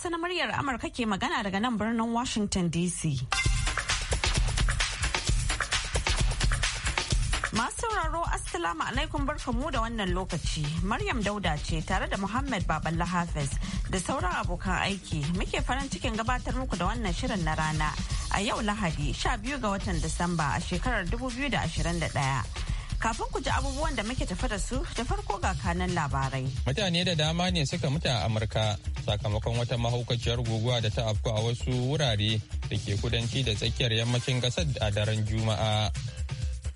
Hausa na muryar Amurka ke magana daga nan birnin Washington DC. Masu sauraro Assalamu alaikum mu da wannan lokaci. Maryam Dauda ce tare da Muhammad Baballa Hafiz da sauran abokan aiki muke farin cikin gabatar muku da wannan shirin na rana a yau Lahadi 12 ga watan Disamba a shekarar 2021. Kafin ku ji abubuwan da muke tafi da su da farko ga kanan labarai. Mutane da dama ne suka mutu a Amurka sakamakon wata mahaukaciyar guguwa da ta afku a wasu wurare da ke kudanci da tsakiyar yammacin gasar a daren Juma'a.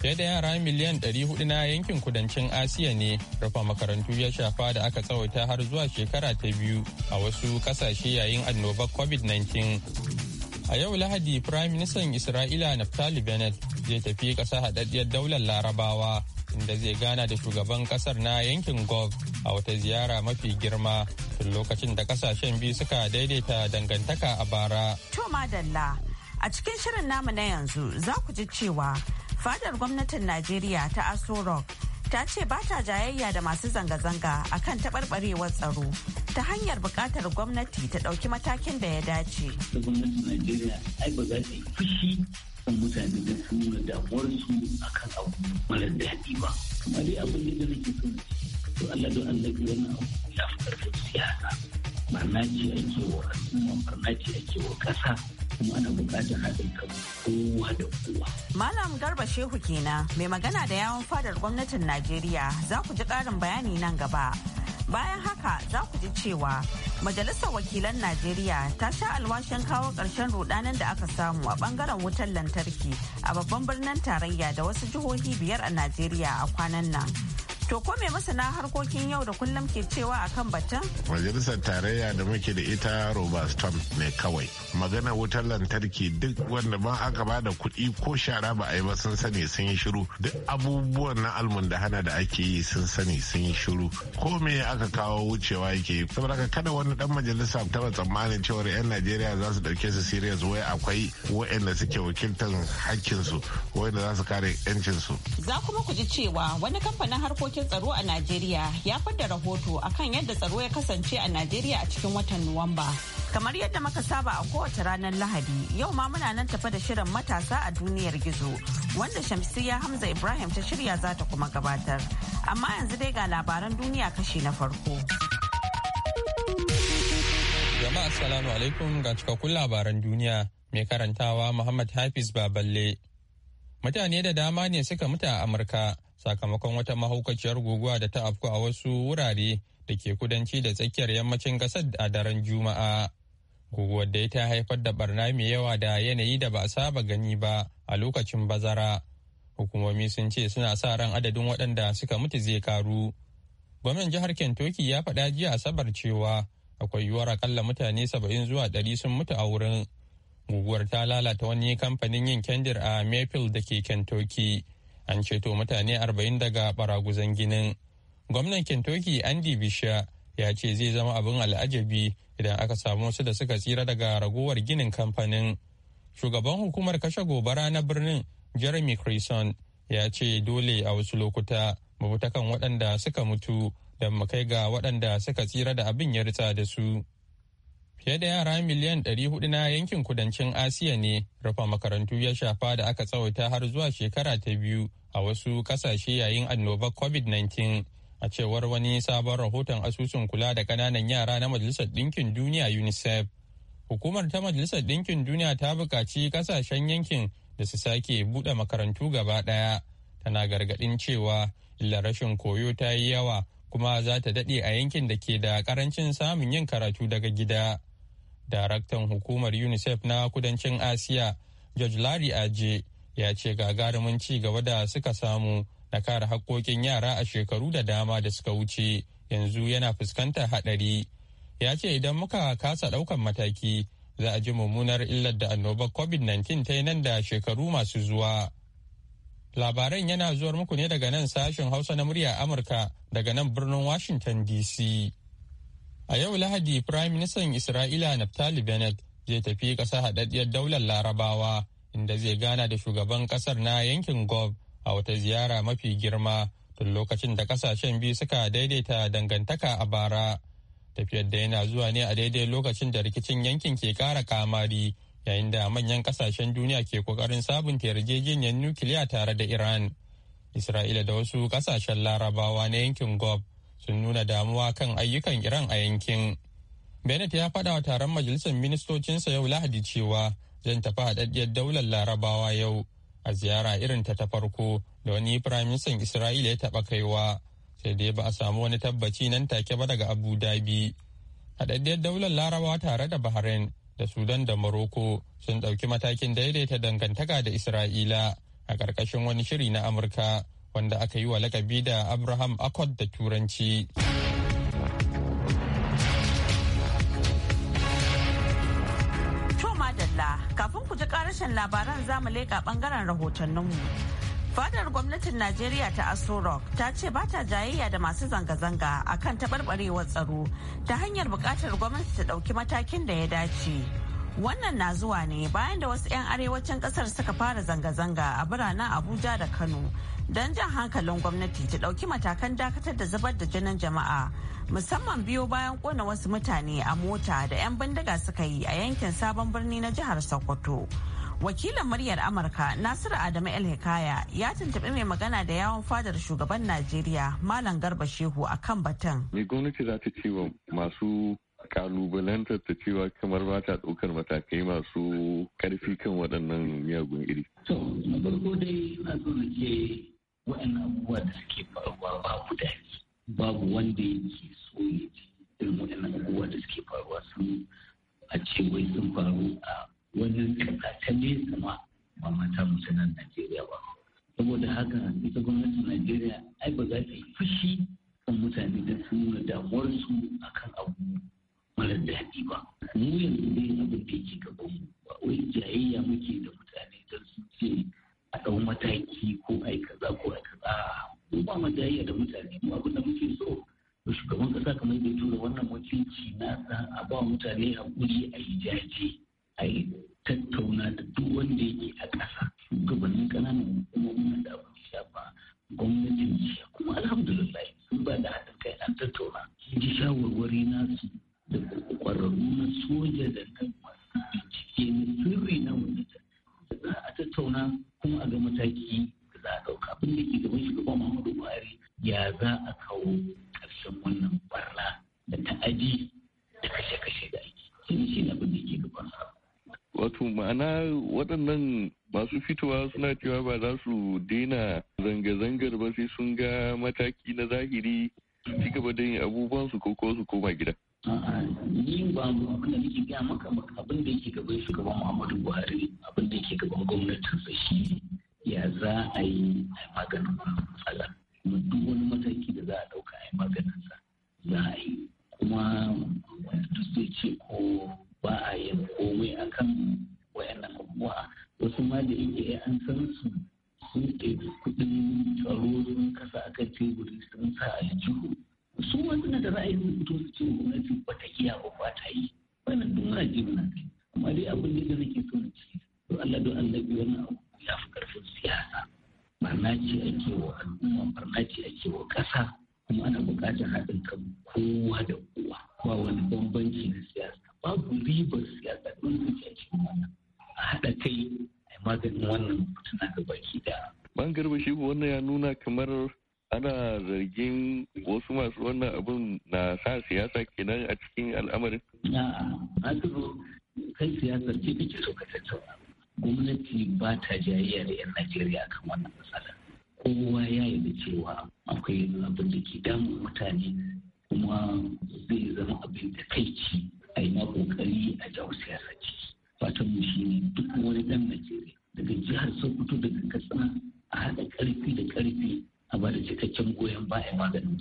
fiye da yara miliyan ɗari 400 na yankin kudancin asiya ne rufe makarantu ya shafa da aka tsawaita har zuwa shekara ta biyu a wasu kasashe yayin annobar covid-19 a yau lahadi prime ministan isra'ila naftali bennett zai tafi ƙasar haɗaɗɗiyar daular larabawa inda zai gana da shugaban ƙasar na yankin gov a wata ziyara mafi girma tun lokacin da ƙasashen biyu suka daidaita dangantaka a bara. To dalla a cikin shirin namu na yanzu za ku ji cewa fadar gwamnatin Najeriya ta Aso Rock ta ce ba ta jayayya da masu zanga-zanga akan taɓarɓarewar tsaro ta hanyar buƙatar gwamnati ta ɗauki matakin da ya dace. Ta gwamnatin Najeriya ai za ta yi fushi kan mutane da su nuna damuwarsu a kan abu mara daɗi ba. Kuma dai abin da nake so to Allah don Allah bi wani abu ya fi ƙarfin siyasa. Barna ce ake wa al'umma, barna ce ake wa ƙasa. kuma ana buƙatar haɗin kan kowa da kowa. Malam Garba Shehu kenan mai magana da yawon fadar gwamnatin Najeriya za ku ji ƙarin bayani nan gaba. Bayan haka za ku ji cewa Majalisar Wakilan Najeriya ta sha alwashin kawo ƙarshen rudanin da aka samu a ɓangaren wutar lantarki a babban birnin tarayya da wasu jihohi biyar a Najeriya a kwanan nan. To ko me masana harkokin yau da kullum ke cewa akan batun? Majalisar tarayya da muke da ita Robert Storm ne kawai. Magana wutar lantarki duk wanda ba aka ba da kuɗi ko shara ba a yi ba sun sani sun yi shiru. Duk abubuwan na almun da hana da ake yi sun sani sun yi shiru. Ko me aka kawo wucewa yake yi. Saboda kada wani dan majalisa taba tsammanin cewa 'yan Najeriya za su ɗauke su serious wai akwai waanda suke wakiltar hakkinsu wa'anda za su kare 'yancinsu. Za kuma ku ji cewa wani kamfanin harkokin harkokin tsaro a Najeriya ya fadda rahoto akan yadda tsaro ya kasance a Najeriya a cikin watan Nuwamba. Kamar yadda muka saba a kowace ranar Lahadi, yau ma muna nan tafa da shirin matasa a duniyar gizo, wanda Shamsiyya Hamza Ibrahim ta shirya za ta kuma gabatar. Amma yanzu dai ga labaran duniya kashi na farko. Jama'a assalamu alaikum ga cikakkun labaran duniya mai karantawa Muhammad Hafiz Baballe. Mutane da dama ne suka mutu a Amurka sakamakon wata mahaukaciyar guguwa da ta afku a wasu wurare da ke kudanci da tsakiyar yammacin gasar a daren juma'a guguwar da ta haifar da barna mai yawa da yanayi da ba a saba gani ba a lokacin bazara hukumomi sun ce suna sa ran adadin waɗanda suka mutu zai karu gwamnan jihar kentucky ya faɗa jiya asabar cewa akwai yiwuwar akalla mutane saba'in zuwa ɗari sun mutu a wurin guguwar ta lalata wani kamfanin yin kendir a mayfield da ke kentucky an ceto mutane arba'in daga baraguzan ginin gwamnan kentucky andy bisha ya ce zai zama abin al'ajabi idan aka samu wasu da suka tsira daga ragowar ginin kamfanin shugaban hukumar kashe gobara na birnin jeremy creason ya ce dole a wasu lokuta mabuta kan waɗanda suka mutu don mu kai ga waɗanda suka tsira da abin ya ritsa da su Fiye da yara miliyan 400 na yankin kudancin Asiya ne rufe makarantu ya shafa da aka tsawaita har zuwa shekara ta biyu a wasu kasashe yayin annobar COVID-19 a cewar wani sabon rahoton asusun kula da ƙananan yara na Majalisar Ɗinkin Duniya UNICEF. Hukumar ta Majalisar Ɗinkin Duniya ta buƙaci kasashen yankin da su sake buɗe makarantu gaba ɗaya. Tana gargaɗin cewa illa rashin koyo ta yi yawa kuma za ta daɗe a yankin da ke da ƙarancin samun yin karatu daga gida. Daraktan hukumar UNICEF na kudancin Asiya, George Larry Aje, ya ce gagarumin ci gaba da suka samu na kare haƙƙoƙin yara a shekaru da dama da suka wuce yanzu yana fuskantar haɗari. Ya ce idan muka kasa ɗaukan mataki, za a ji mummunar illar da annobar COVID-19 ta yi nan da shekaru masu zuwa. Labaran yana zuwar muku ne daga nan sashen Hausa na murya Amurka daga nan birnin Washington DC. A yau Lahadi, Prime Minister Isra'ila Naftali Bennett zai tafi ƙasa haɗaɗɗiyar daular Larabawa, inda zai gana da shugaban ƙasar na yankin Gov a wata ziyara mafi girma tun lokacin da ƙasashen biyu suka daidaita dangantaka a bara. Tafiyar da yana zuwa ne a daidai lokacin da rikicin yankin ke ƙara kamari yayin da manyan kasashen duniya ke kokarin sabunta yarjejeniyar nukiliya tare da iran isra'ila da wasu kasashen larabawa na yankin gob sun nuna damuwa kan ayyukan iran a yankin benet ya faɗa wa taron majalisar ministocinsa yau lahadi cewa zan tafi haɗaɗɗiyar daular larabawa yau a ziyara irin ta ta farko da wani firaministan isra'ila ya taɓa kaiwa sai dai ba a samu wani tabbaci nan take ba daga abu dhabi haɗaɗɗiyar daular larabawa tare da bahrain da Sudan da maroko sun ɗauki matakin daidaita dangantaka da Isra'ila a ƙarƙashin wani shiri na Amurka wanda aka yi wa lakabi da Abraham Accord da Turanci. kafin ku ji karashin labaran zamu leƙa ɓangaren rahotanninmu. Fadar gwamnatin Najeriya ta Aso Rock ta ce ba ta jayayya da masu zanga-zanga a kan taɓarɓarewar tsaro ta hanyar buƙatar gwamnati ta ɗauki matakin da ya dace. Wannan na zuwa ne bayan da wasu 'yan arewacin ƙasar suka fara zanga-zanga a biranen Abuja da Kano don jan hankalin gwamnati ta ɗauki matakan dakatar da zubar da jinin jama'a musamman biyo bayan kona wasu mutane a mota da 'yan bindiga suka yi a yankin sabon birni na jihar Sokoto. wakilin muryar amurka nasiru adamu el hikaya ya tuntuɓi mai magana da yawon fadar shugaban najeriya malam garba shehu a kan batun me gwamnati za ta ce wa masu kalubalantar ta cewa kamar ba ta ɗaukar matakai masu ƙarfi kan waɗannan miyagun iri to na farko dai ina so na ce waɗannan abubuwa da suke faruwa babu daɗi babu wanda yake so ya ji irin waɗannan abubuwa da suke faruwa sun a ce wai sun faru a wani ƙasa ta nesa ma ba mata musu nan Najeriya ba. Saboda haka ita gwamnatin Najeriya ai ba za ta yi fushi kan mutane da su nuna damuwarsu akan abu mara daɗi ba. Mu yanzu dai abin da yake gaban mu ba wai jayayya muke da mutane don su ce a ɗau mataki ko ai kaza ko ai kaza. Mu ba mu jayayya da mutane mu abin da muke so shugaban kasa kamar bai tura wannan wakilci nasa a ba mutane hakuri a yi jaje a yi tattauna da duk wanda yake a ƙasa shugabanni kan wayannan abubuwa wasu ma da yake eh, an san su sun ɗebi kuɗin tsaro sun kasa aka teburi sun sa aljihu maganin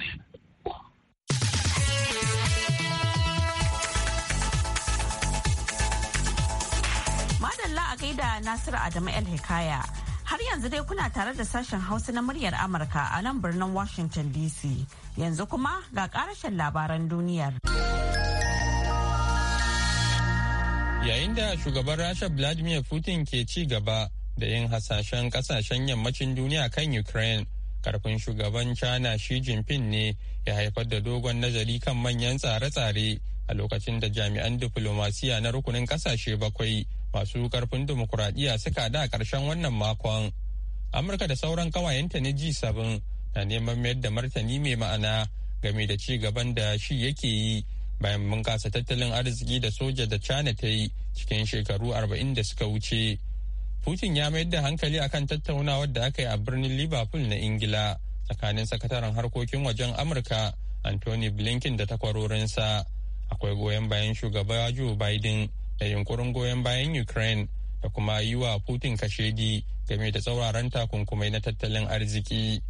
Madalla a gaida Nasiru Adamu El Hikaya. Har yanzu dai kuna tare da sashen Hausa na muryar Amurka a nan birnin Washington DC. Yanzu kuma ga karashen labaran duniyar. Yayin da shugaban Rasha Vladimir Putin ke ci gaba da yin hasashen kasashen yammacin duniya kan Ukraine karfin shugaban china shi jinping ne ya haifar da dogon nazari kan manyan tsare-tsare a lokacin da jami'an diflomasiya na rukunin kasashe bakwai masu karfin dimokuraɗiyya suka da karshen wannan makon amurka da sauran kawayenta na g7 na neman mayar da martani mai ma'ana game da ci gaban da shi yake yi bayan bunƙasa tattalin arziki da soja da china ta yi cikin shekaru arba'in da suka wuce Putin ya mayar da hankali akan tattaunawar da aka yi a birnin Liverpool na Ingila tsakanin sakataren harkokin wajen Amurka Anthony Blinken da takwarorinsa. Akwai goyon bayan shugaba Joe Biden da yunkurin goyon bayan Ukraine da kuma yi wa Putin kashedi game da tsauraran takunkumai na tattalin arziki.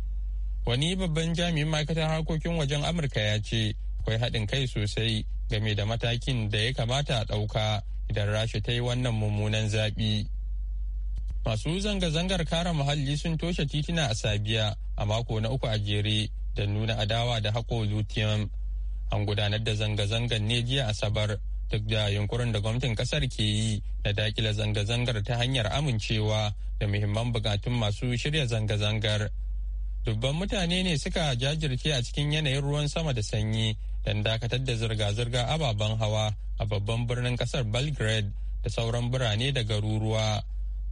Wani babban jami'in ma'aikatar harkokin wajen Amurka ya ce akwai haɗin kai sosai game da matakin da ya kamata a ɗauka idan Rasha ta yi wannan mummunan zaɓi. Masu zanga-zangar kare muhalli sun toshe titina a Sabiya a mako na uku a jere da nuna adawa da haƙo lithium. An gudanar da zanga-zangar ne jiya Asabar duk da yunkurin da gwamnatin kasar ke yi na dakila zanga-zangar ta hanyar amincewa da muhimman bukatun masu shirya zanga-zangar. Dubban mutane ne suka jajirce a cikin yanayin ruwan sama da sanyi don dakatar da zirga-zirga ababen hawa a babban birnin kasar Belgrade da sauran birane da garuruwa.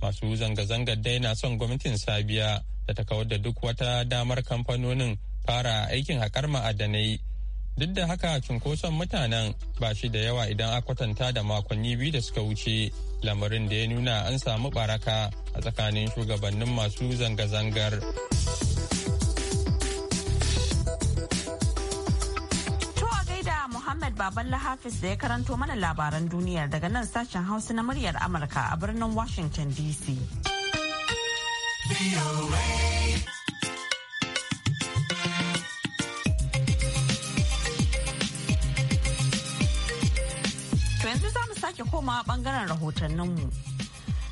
masu zanga-zangar dai na son gwamnatin sabiya da ta kawar da duk wata damar kamfanonin fara aikin haƙar ma'adanai duk da haka cunkoson mutanen ba shi da yawa idan a kwatanta da makonni biyu da suka wuce lamarin da ya nuna an samu baraka a tsakanin shugabannin masu zanga-zangar. Baban Lahafis da ya karanto mana labaran duniyar daga nan sashen Hausa na muryar Amurka a birnin Washington DC. yanzu za mu sake komawa bangaren rahotanninmu.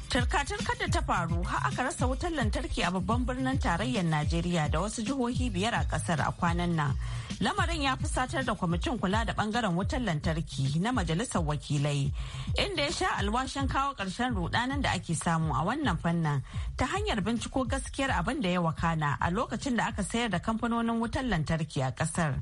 Tarkatarkar da ta faru har aka rasa wutar lantarki a babban birnin tarayyar Najeriya da wasu jihohi biyar a kasar a kwanan nan. Lamarin ya fusatar da kwamitin kula da bangaren wutar lantarki na majalisar wakilai inda ya sha alwashin kawo ƙarshen rudanin da ake samu a wannan fannin ta hanyar binciko gaskiyar abin da ya wakana a lokacin da aka sayar da kamfanonin wutar lantarki a ƙasar.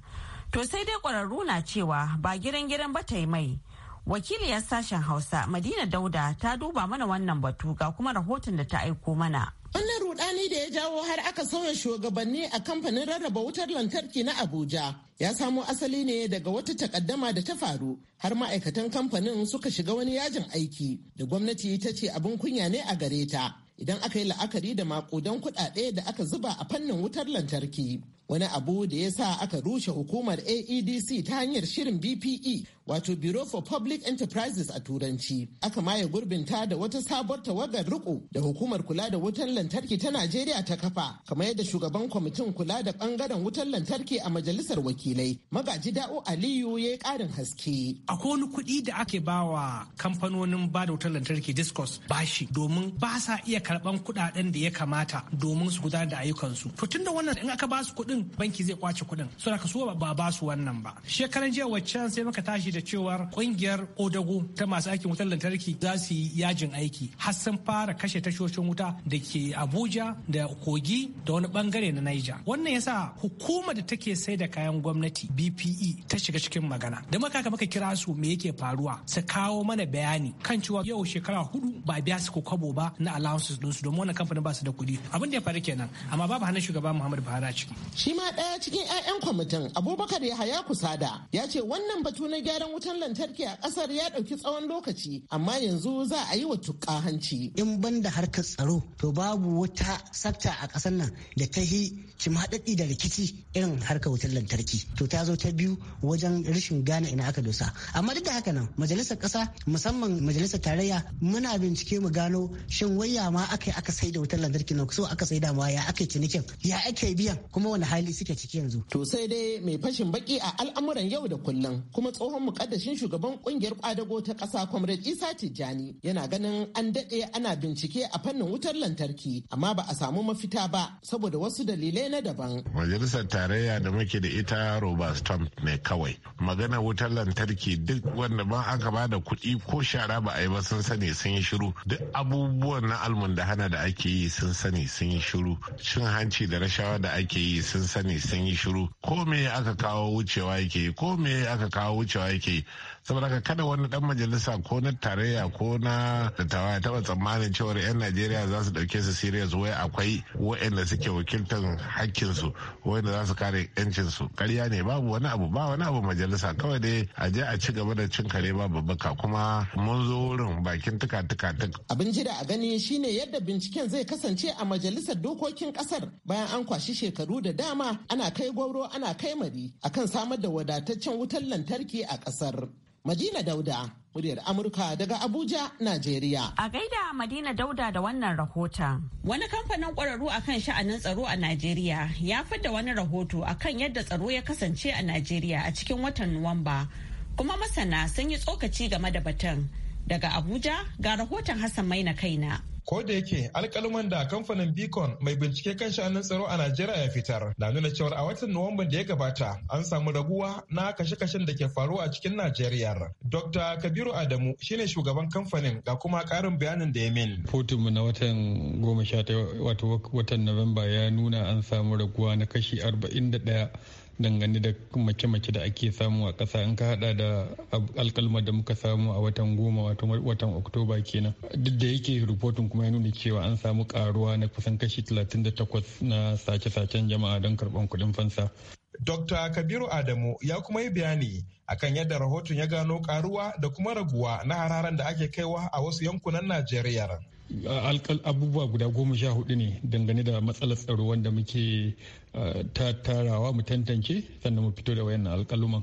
To sai dai ƙwararru na cewa ba girin-girin ba ta yi mai. Wakiliyar sashen Hausa Madina Dauda ta duba mana wannan batu ga kuma rahoton da ta aiko mana. Wannan rudani da ya jawo har aka sauya shugabanni a kamfanin rarraba wutar lantarki na Abuja ya samo asali ne daga wata takaddama da ta faru har ma'aikatan kamfanin suka shiga wani yajin aiki da gwamnati ta ce abin kunya ne a gare ta. Idan aka yi la'akari da makudan kudade da aka zuba a fannin wutar lantarki. wani abu da ya sa aka rushe hukumar aedc ta hanyar shirin bpe wato bureau for public enterprises a turanci aka maye gurbinta da wata sabuwar tawagar riko da hukumar kula da wutar lantarki ta najeriya ta kafa kamar yadda shugaban kwamitin kula da bangaren wutar lantarki a majalisar wakilai magaji da'o aliyu ya yi karin haske akwai wani kuɗi da ake bawa kamfanonin ba da wutar lantarki discos bashi domin ba sa iya karɓan kuɗaɗen da ya kamata domin su gudanar da ayyukansu to tunda wannan in aka ba su kuɗin kuɗin banki zai kwace kuɗin so da so ba ba su wannan ba shekaran jiya waccan sai muka tashi da cewar ƙungiyar odago ta masu aikin wutar lantarki za su yi yajin aiki har sun fara kashe tashoshin wuta da ke abuja da kogi da wani bangare na naija wannan yasa hukumar da take sai da kayan gwamnati bpe ta shiga cikin magana da maka maka kira su me yake faruwa su kawo mana bayani kan cewa yau shekara hudu ba biya su ko kwabo ba na allowances ɗinsu domin wannan kamfanin ba su da kuɗi abin da ya faru kenan amma babu hannun shugaba muhammadu buhari a ciki Shi ma ɗaya cikin 'ya'yan kwamitin Abubakar Yahaya Kusada ya ce wannan batu na gyaran wutan lantarki a ƙasar ya ɗauki tsawon lokaci amma yanzu za a yi wa tuƙa hanci. In ban da harkar tsaro to babu wata sakta a ƙasar nan da ta yi cimaɗaɗɗi da rikici irin harkar wutan lantarki to ta zo ta biyu wajen rashin gane ina aka dosa amma duk da haka nan majalisar ƙasa musamman majalisar tarayya muna bincike mu gano shin waya ma aka aka sai da wutar lantarki na so aka sai da ma ya aka cinikin ya ake biyan kuma wani hali suke ciki yanzu. To sai dai mai fashin baki a al'amuran yau da kullum kuma tsohon mukaddashin shugaban kungiyar kwadago ta ƙasa Comrade Isa Tijjani yana ganin an daɗe ana bincike a fannin wutar lantarki amma ba a samu mafita ba saboda wasu dalilai na daban. Majalisar tarayya da muke da ita Robert Stump ne kawai. Magana wutar lantarki duk wanda ban aka ba da kuɗi ko shara ba a yi ba sun sani sun yi shiru duk abubuwan na hana da ake yi sun sani sun yi shiru cin hanci da rashawa da ake yi sun sani sun yi shiru ko me aka kawo wucewa yake ko me aka kawo wucewa yake saboda haka kada wani dan majalisa ko na tarayya ko na dattawa ya taba tsammanin cewar 'yan najeriya za su dauke su serious wai akwai wa'anda suke wakiltar su wa'anda za su kare yancin su karya ne babu wani abu ba wani abu majalisa kawai dai a je a ci gaba da cin kare ba babbaka kuma mun zo wurin bakin tuka tuka tuk abin jira a gani shine yadda binciken zai kasance a majalisar dokokin kasar bayan an kwashi shekaru da dama ana kai gwauro ana kai mari akan samar da wadataccen wutar lantarki a kasar Madina Dauda, muryar Amurka daga Abuja, Najeriya. A gaida Madina Dauda da wannan rahoton. Wani kamfanin ƙwararru kan sha'anin tsaro a Najeriya ya fidda wani rahoto a kan yadda tsaro ya kasance a Najeriya a cikin watan Nuwamba. Kuma masana sun yi tsokaci game da batun. Daga Abuja ga rahoton Hassan Maina kaina. ko da yake alkaluman da kamfanin beacon mai bincike kan sha'anin tsaro a najeriya ya fitar na nuna cewar a watan nuwamban da ya gabata an samu raguwa na kashe-kashen da ke faruwa a cikin najeriya dr kabiru adamu shine shugaban kamfanin ga kuma karin bayanin da ya min fotinmu na watan goma sha wato watan novemba ya nuna an samu raguwa na kashi arba'in da ɗaya dangane da mace-mace da ake samu a ƙasa in ka hada da alkalma da muka samu a watan goma wato watan oktoba kenan duk da yake ripotin kuma ya nuna cewa an samu karuwa na kusan kashi 38 na sace-sacen jama'a don karɓar kuɗin fansa Dr. Kabiru Adamu ya kuma yi bayani akan yadda rahoton ya gano karuwa da kuma raguwa na hararan da ake kaiwa a wasu yankunan Najeriya. alkal abubuwa guda goma sha hudu ne dangane da matsalar tsaro wanda muke uh, tattarawa mu tantance sannan mu fito da wayannan alkaluman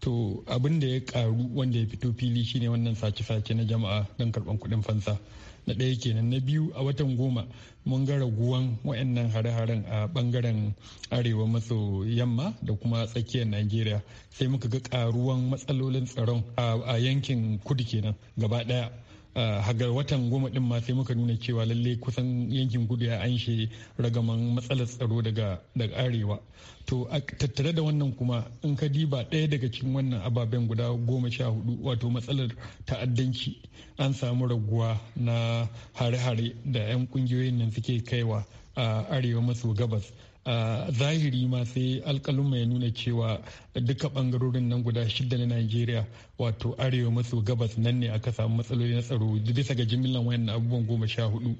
to abin da ya karu wanda ya fito fili shine wannan sace-sace na jama'a don karban kudin fansa na ɗaya kenan na biyu a watan goma mun ga raguwan wayannan hare-haren a bangaren arewa maso yamma da kuma tsakiyar najeriya sai muka ga karuwan matsalolin tsaron a yankin kudu kenan gaba ɗaya hagar watan goma din ma sai muka nuna cewa lalle kusan yankin gudu ya anshe ragaman matsalar tsaro daga daga arewa to a tattare da wannan kuma in ka diba ɗaya daga cikin wannan ababen guda goma sha hudu wato matsalar ta'addanci an samu raguwa na hare-hare da 'yan kungiyoyin nan suke kaiwa a arewa maso gabas a zahiri ma sai alkalin ya nuna cewa duka bangarorin nan guda shida na Najeriya wato arewa maso gabas nan ne aka samu matsaloli na tsaro bisa ga jimillan na abubuwan goma sha hudu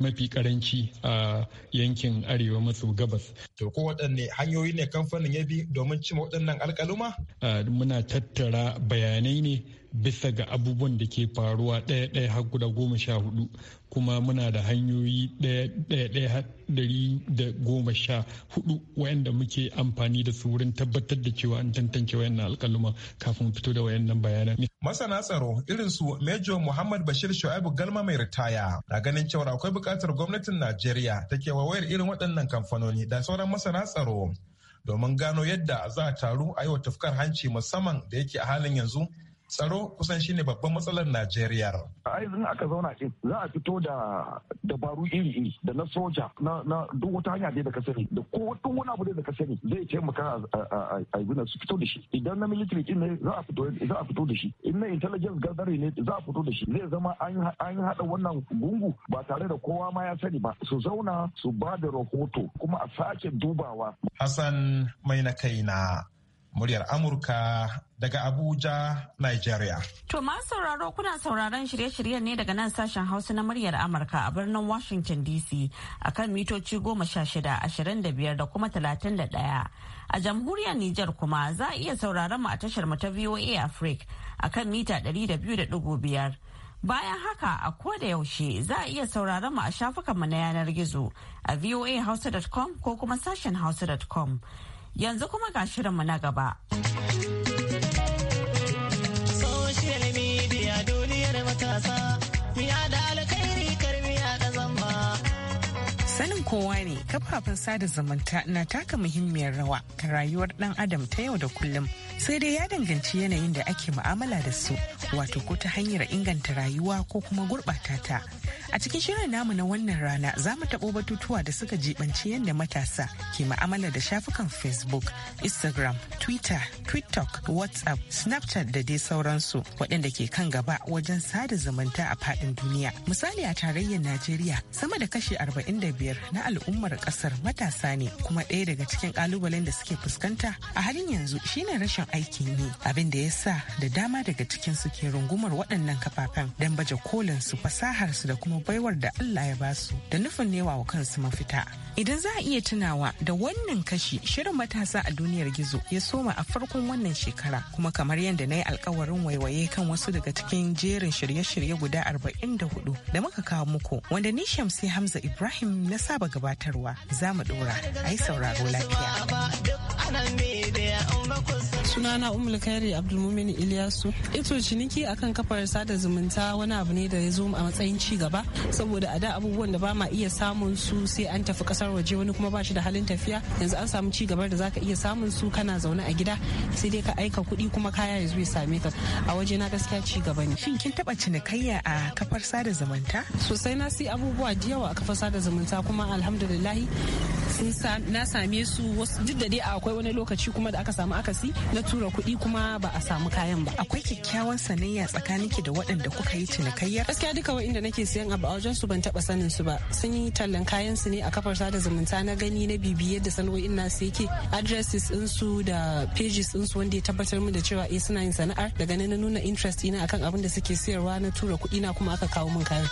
mafi karanci a yankin arewa maso gabas. To ko waɗanne hanyoyi ne kamfanin ya bi domin cima waɗannan alƙaluma? Muna tattara bayanai ne bisa ga abubuwan da ke faruwa ɗaya ɗaya har guda goma sha hudu kuma muna da hanyoyi ɗaya ɗaya har dari da goma sha hudu waɗanda muke amfani da su wurin tabbatar tabbatar da cewa an tantance wayannan alkaluma kafin fito da wayannan bayanan. Masana tsaro irin su mejo Muhammad Bashir Shu'aibu Galma mai ritaya na ganin cewa akwai buƙatar gwamnatin Najeriya ta ke wayar irin waɗannan kamfanoni da sauran masana tsaro domin gano yadda za a taru a yi wa tafkar hanci musamman da yake a halin yanzu tsaro kusan shine babban matsalar Najeriya. A yanzu aka zauna din za a fito da dabaru iri-iri da na soja na na duk wata hanya dai da ka sani da ko duk wani abu da ka sani zai taimaka a yi su fito da shi idan na military din ne za a fito za a fito da shi in na intelligence gathering ne za a fito da shi zai zama an haɗa wannan gungu ba tare da kowa ma ya sani ba su zauna su ba da rahoto kuma a sake dubawa. Hassan mai na kai na muryar Amurka daga Abuja, Nigeria. To ma sauraro kuna sauraron shirye-shiryen ne daga nan sashen Hausa na muryar Amurka a birnin Washington DC a kan mitoci goma sha shida, ashirin da biyar da kuma talatin da ɗaya. A jamhuriyar Nijar kuma za a iya sauraron mu a tashar mu ta VOA Africa a kan mita ɗari da biyu da ɗigo biyar. Bayan haka a ko da yaushe za a iya sauraron mu a shafukanmu na yanar gizo a voahausa.com ko kuma sashen hausa.com. Yanzu kuma ga shirinmu na gaba. kowa ne kafafen sada zumunta na taka muhimmiyar rawa ta rayuwar dan adam ta yau da kullum sai dai ya danganci yanayin da ake mu'amala da su wato ko ta hanyar inganta rayuwa ko kuma gurɓata ta a cikin shirin namu na wannan rana za mu taɓo batutuwa da suka jibanci yadda matasa ke mu'amala da shafukan facebook instagram twitter tiktok whatsapp snapchat da dai sauransu waɗanda ke kan gaba wajen sada zumunta a faɗin duniya misali a tarayyar najeriya sama da kashi 45 na al'ummar kasar matasa ne kuma ɗaya daga cikin kalubalen da suke fuskanta a halin yanzu shine rashin aikin yi abin da ya sa da dama daga cikin su ke rungumar waɗannan kafafen don baje kolin su fasahar su da kuma baiwar da Allah ya basu da nufin newa wa kansu mafita Idan za a iya tunawa da wannan kashi shirin matasa a duniyar gizo ya soma a farkon wannan shekara kuma kamar yadda na yi alkawarin waiwaye kan wasu daga cikin jerin shirye-shirye guda 44 da muka kawo muku wanda ni Shamsi Hamza Ibrahim na saba gabatarwa za mu dora a sauraro lafiya. sunana umul kairi abdulmumin iliyasu ito ciniki akan kafar sada zumunta wani abu ne da ya zo a matsayin ci gaba saboda a da abubuwan da ba ma iya samun su sai an tafi kasar waje wani kuma ba shi da halin tafiya yanzu an samu ci gaba da zaka iya samun su kana zaune a gida sai dai ka aika kuɗi kuma kaya ya zo ya same ka a waje na gaskiya ci gaba ne shin kin taba cinikayya a kafar sada zumunta sosai na sai abubuwa da yawa a kafar sada zumunta kuma alhamdulillah na same su duk da dai akwai wani lokaci kuma da aka samu akasi na tura kuɗi kuma ba a samu kayan ba akwai kyakkyawan sanayya ki da waɗanda kuka yi cinikayyar gaskiya duka wa'inda nake siyan abu a wajen su ban taɓa sanin su ba sun yi tallan kayan su ne a kafar sada zumunta na gani na bibiye da sana'o'in nasu yake addresses din su da pages din su wanda ya tabbatar min da cewa eh suna yin sana'ar daga nan na nuna interest ina akan abin da suke siyarwa na tura kuɗi na kuma aka kawo min kayan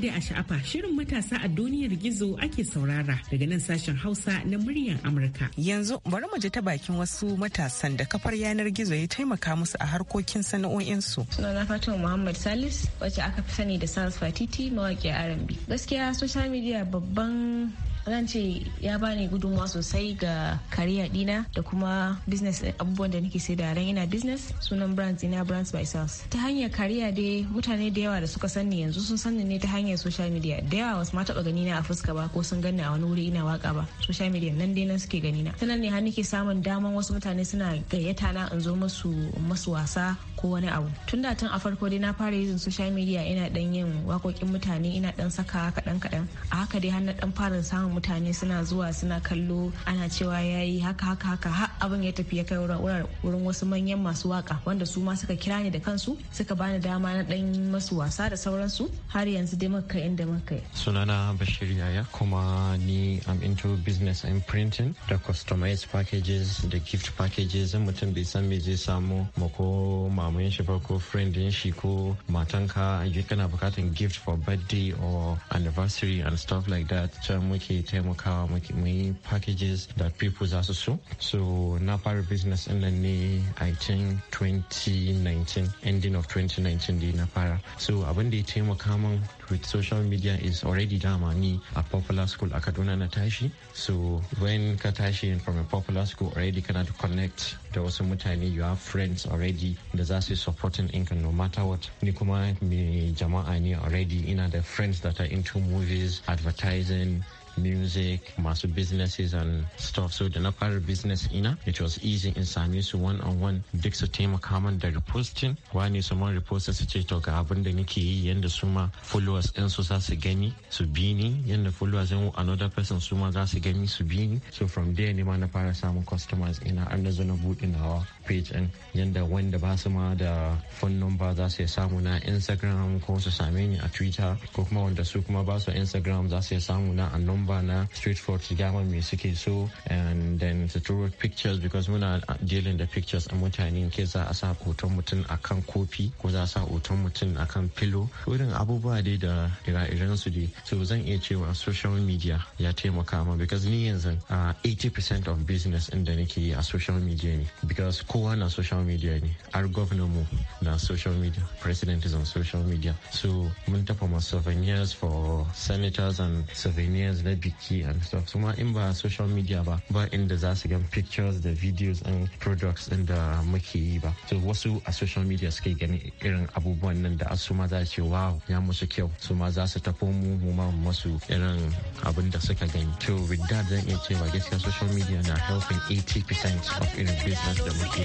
dai a sha'afa shirin matasa a duniyar gizo ake saurara daga nan sashen Hausa na muryar Amurka. Yanzu bari mu ji ta bakin wasu matasan da kafar yanar gizo ya taimaka musu a harkokin sana'o'insu. Sunana Fatima Muhammad Salis wacce aka fi sani da Sans Fatiti mawaƙi rnb Gaskiya social media babban zan ce ya bani gudunmawa sosai ga kariya dina da kuma business abubuwan da nake sai da ran ina business sunan brands ina brands by sales ta hanyar kariya dai mutane da yawa da suka sani yanzu sun sani ne ta hanyar social media da yawa wasu ma taba gani na a fuska ba ko sun gani a wani wuri ina waka ba social media nan dai nan suke gani na sanan ne har nake samun daman wasu mutane suna gayyata na in zo musu masu wasa ko wani abu tun da tun a farko dai na fara yin social media ina dan yin wakokin mutane ina dan saka kadan kadan a haka dai har na dan fara samun mutane suna zuwa suna kallo ana cewa yayi haka haka haka har abin ya tafi ya kai wurin wasu manyan masu waka wanda su ma suka kira ni da kansu suka bani dama na dan masu wasa da sauransu har yanzu dai muka inda muka yi sunana bashir yaya kuma ni am into business and printing da customized packages da gift packages mutum bai san me zai samu ma ko mamayin shi ba ko friend din shi ko matanka kana bukatan gift for birthday or anniversary and stuff like that can muke zai taimakawa mu yi packages da people za su so so na fara business din nan ne a can 2019 ending of 2019 dai na fara so abin da ya taimaka min with social media is already dama ni a popular school a kaduna na tashi so when ka tashi from a popular school already kana to connect da wasu mutane you have friends already da za su supporting inka no matter what ni kuma mai jama'a ne already ina da friends that are into movies advertising music masu businesses and stuff so da na fara business ina it was easy in same su one on one duk su taimaka man da reposting wani su man reposting su ce to ga abin da nake yi yanda su ma followers din su za su gani su bi ni yanda followers din another person su ma za su gani su bi ni so from there ne ma na fara samun customers ina har da zo na buɗe nawa page din yanda wanda ba su ma da phone number za su samu na instagram ko su same ni a twitter ko kuma wanda su kuma ba su instagram za su samu na a number member na street force su gama me suke so and then su turo pictures because muna dealing da pictures a mutane ke za a sa hoton mutum akan kofi ko za a sa hoton mutum akan filo irin abubuwa dai da ire su dai so zan iya cewa social media ya taimaka ma because ni yanzu a ah, 80% of business in da nake yi a social media ne because kowa na social media ne our governor mu na social media president is on social media so mun tafa ma souvenirs for senators and souvenirs na biki and stuff su ma in ba social media ba ba inda za su gan pictures da videos and products din da muke yi ba to wasu a social media suke gani irin abubuwan nan da su ma za su ce wow ya musu kyau su ma za su tafo mu mu ma masu irin abin da suka gani to with that zan iya cewa gaskiya social media na helping 80% of irin business da muke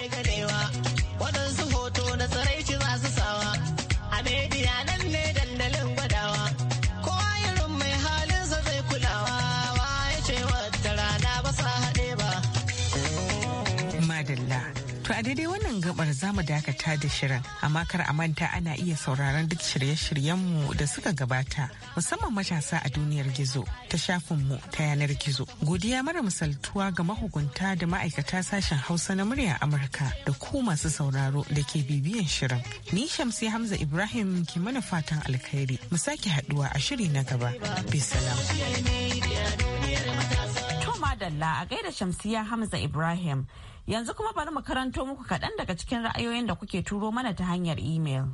za mu dakata da shirin amma kar a manta ana iya sauraron duk shirye-shiryenmu da suka gabata musamman matasa a duniyar gizo ta shafinmu ta yanar gizo godiya mara misaltuwa ga mahukunta da ma'aikata sashen hausa na murya amurka da ku masu sauraro da ke bibiyan shirin ni shamsi hamza ibrahim ke mana fatan alkhairi mu sake haduwa a shiri na gaba bisalam madalla a gaida shamsiya hamza ibrahim Yanzu kuma bari mu karanto muku kaɗan daga cikin ra'ayoyin da kuke turo mana ta hanyar imel.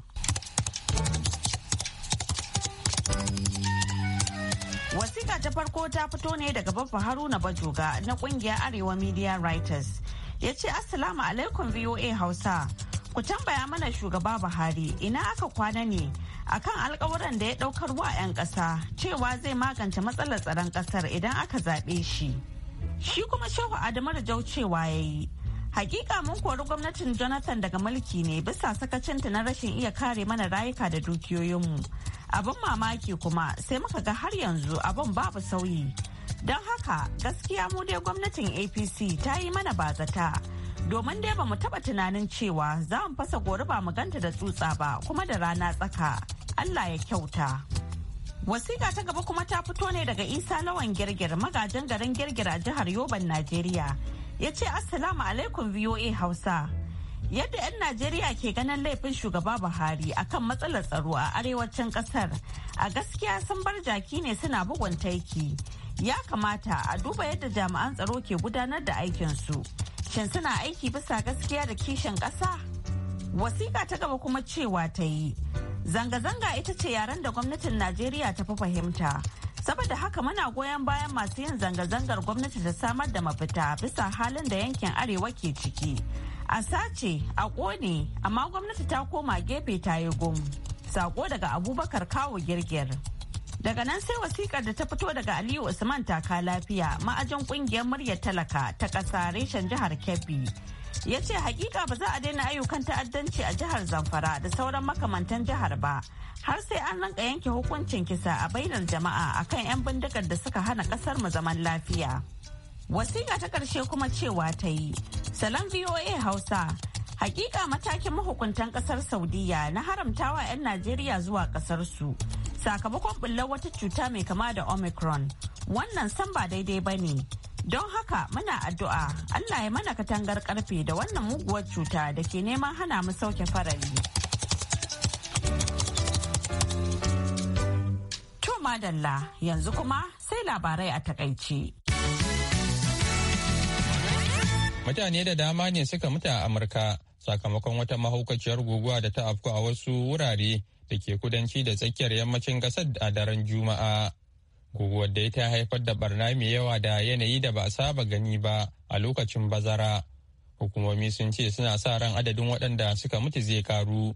wasiƙa ta farko ta fito ne daga babba Haruna Bajoga na kungiyar Arewa Media Writers. Ya ce Assalamu alaikum VOA Hausa. Ku tambaya mana shugaba Buhari ina aka kwana ne akan alkawuran da ya daukar wa 'yan ƙasa cewa zai magance matsalar tsaron ƙasar idan aka zaɓe shi. Shi kuma Shehu Adamu Rajau cewa ya yi. Hakika mun kori gwamnatin Jonathan daga mulki ne bisa sakacinta na rashin iya kare mana rayuka da dukiyoyinmu. Abin mamaki kuma sai muka ga har yanzu abin babu sauyi. Don haka gaskiya mu dai gwamnatin APC ta yi mana bazata. Domin dai ba mu taɓa tunanin cewa za mu fasa gori ba mu ganta da tsutsa ba kuma da rana tsaka. Allah ya kyauta. Wasiƙa ta gaba kuma ta fito ne daga Isa Lawan Girgir magajin garin Girgir a jihar Yoban Najeriya. Ya ce Assalamu alaikum VOA Hausa. Yadda 'yan Najeriya ke ganin laifin shugaba Buhari akan matsalar tsaro a arewacin kasar a gaskiya sun bar jaki ne suna bugun taiki. Ya kamata a duba yadda jami'an tsaro ke gudanar da aikinsu. Shin suna aiki bisa gaskiya da kishin ƙasa? Wasiƙa ta gaba kuma cewa ta yi. Zanga-zanga ita ce yaren da gwamnatin Najeriya ta fi fahimta. Saboda haka muna goyon bayan masu yin zanga-zangar gwamnati da samar da mafita bisa halin da yankin arewa ke ciki. A sace, a ƙone, amma gwamnati ta koma gefe ta yi gum. Sako daga Abubakar Kawo Girgir. Daga nan sai wasikar da ta fito daga Aliyu Usman Taka Lafiya, ma'ajin ƙungiyar muryar talaka ta ƙasa reshen jihar Kebbi. ya ce hakika ba za a daina ayyukan ta'addanci a jihar zamfara da sauran makamantan jihar ba har sai an rinka yanke hukuncin kisa a bainar jama'a a kan 'yan bindigar da suka hana kasar mu zaman lafiya wasiƙa ta ƙarshe kuma cewa ta yi salam voa hausa hakika matakin mahukuntan kasar saudiya na haramtawa 'yan najeriya zuwa kasar su sakamakon bullar wata cuta mai kama da omicron wannan san ba daidai ba ne don haka muna addu'a allah ya mana katangar karfe da wannan muguwar cuta da ke neman hana mu sauke farari to madalla yanzu kuma sai labarai a takaice mutane da dama ne suka mutu a amurka sakamakon wata mahaukaciyar guguwa da ta afku a wasu wurare da ke kudanci da tsakiyar yammacin gasar a daren juma'a guguwar da ta haifar da barna mai yawa da yanayi da ba a saba gani ba a lokacin bazara hukumomi sun ce suna sa ran adadin waɗanda suka mutu zai karu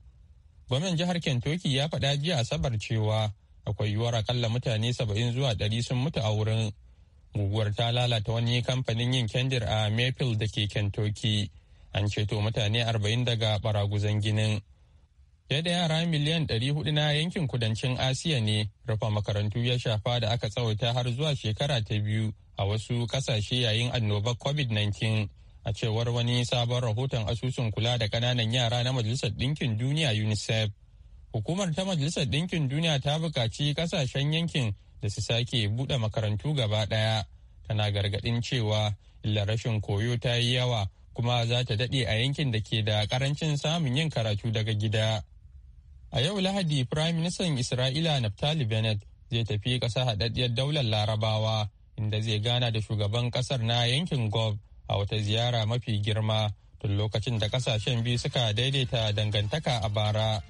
gwamnan jihar kentucky ya faɗa jiya asabar cewa akwai yiwuwar akalla mutane saba'in zuwa ɗari sun mutu a wurin guguwar ta lalata wani kamfanin yin kendir a maple da ke kentucky an ceto mutane 40 daga baraguzan ginin fiye da yara miliyan 400 na yankin kudancin asiya ne Rufa makarantu ya shafa da aka tsawaita har zuwa shekara ta biyu a wasu kasashe yayin annobar covid-19 a cewar wani sabon rahoton asusun kula da kananan yara na majalisar ɗinkin duniya unicef hukumar ta majalisar ɗinkin duniya ta buƙaci kasashen yankin da su sake buɗe makarantu gaba ɗaya tana gargaɗin cewa illa rashin koyo ta yi yawa kuma za ta daɗe a yankin da ke da ƙarancin samun yin karatu daga gida. A yau Lahadi, Firayim Ministan Isra'ila Naftali Bennett zai tafi ƙasa haɗaɗɗiyar daular Larabawa, inda zai gana da shugaban ƙasar na yankin Gov a wata ziyara mafi girma tun lokacin da ƙasashen biyu suka daidaita dangantaka a bara.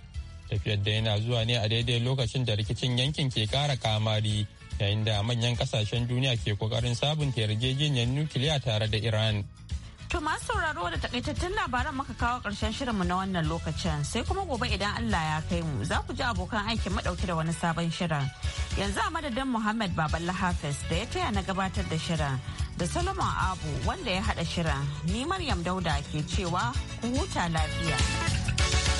Tafiyar da yana zuwa ne a daidai lokacin da rikicin yankin ke ƙara kamari, yayin da manyan ƙasashen duniya ke ƙoƙarin sabunta yarjejeniyar nukiliya tare da Iran. To masu sauraro da takaitattun labaran muka kawo karshen shirinmu na wannan lokacin sai kuma gobe idan Allah ya kai mu za ku ji abokan aikin madauki da wani sabon shirin. Yanzu a madadin Muhammad Baballa Hafiz da ya taya na gabatar da shirin da Salomon Abu wanda ya haɗa shirin ni Maryam Dauda ke cewa ku huta lafiya.